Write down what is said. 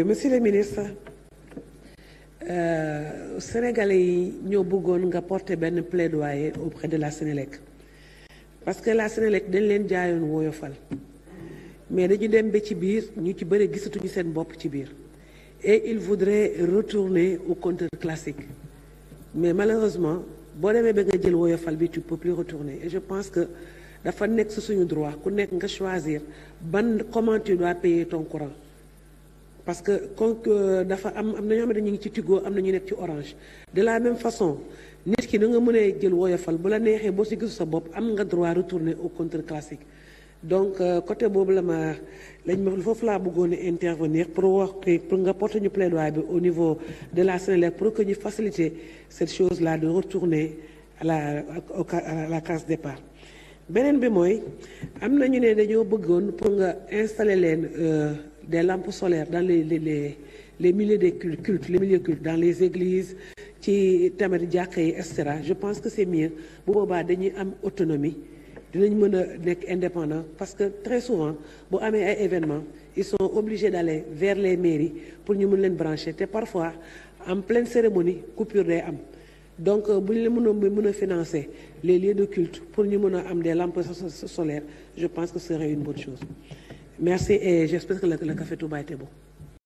Euh, monsieur le ministre euh, sénégalais yi ñoo bëggoon nga porter benn plaidoyer auprès de la Sénélec parce que la Sénélec dañ leen jaayoon woyofal mais dañu dem ba ci biir ñu ci bëri gisatu gisatuñu seen bopp ci biir et il voudrait retourner au compteur classique mais malheureusement boo demee ba nga jël woyofal bi tu peux plus retourner et je pense que dafa nekk su suñu droit ku nekk nga choisir ban comment tu dois payer ton courant parce que kon dafa am am na ñoo xam ne ñu ngi ci Tigo am na ñu nekk ci Orange de la même façon nit ki na nga mënee jël woyofal bu la neexee boo si gisu sa bopp am nga droit retourner au compteur classique donc euh, côté boobu la ma lañ ma foofu laa bëggoon intervenir pour wax pour nga porter ñu plaidoyer bi au niveau de la Sénélec pour que ñu faciliter cette chose là de retourner à la à la case départ beneen bi mooy am na ñu ne dañoo bëggoon pour nga installer leen. Euh, des lampes solaires dans les les les, les milieux des cultes les milieux cultes dans les églises ci tamit jàkka yi et je pense que c'est mieux bu boobaa dañuy am autonomie dinañ mën a nekk indépendant parce que très souvent bu amee ay événements ils sont obligés d'aller vers les mairies pour ñu mën leen brancher te parfois en pleine cérémonie coupure day am donc euh, bu ñu la mënoon mën a financer les lieux de culte pour ñu mën a am des lampes solaires je pense que ce une bonne chose Merci et j'espère que le, le café Touba était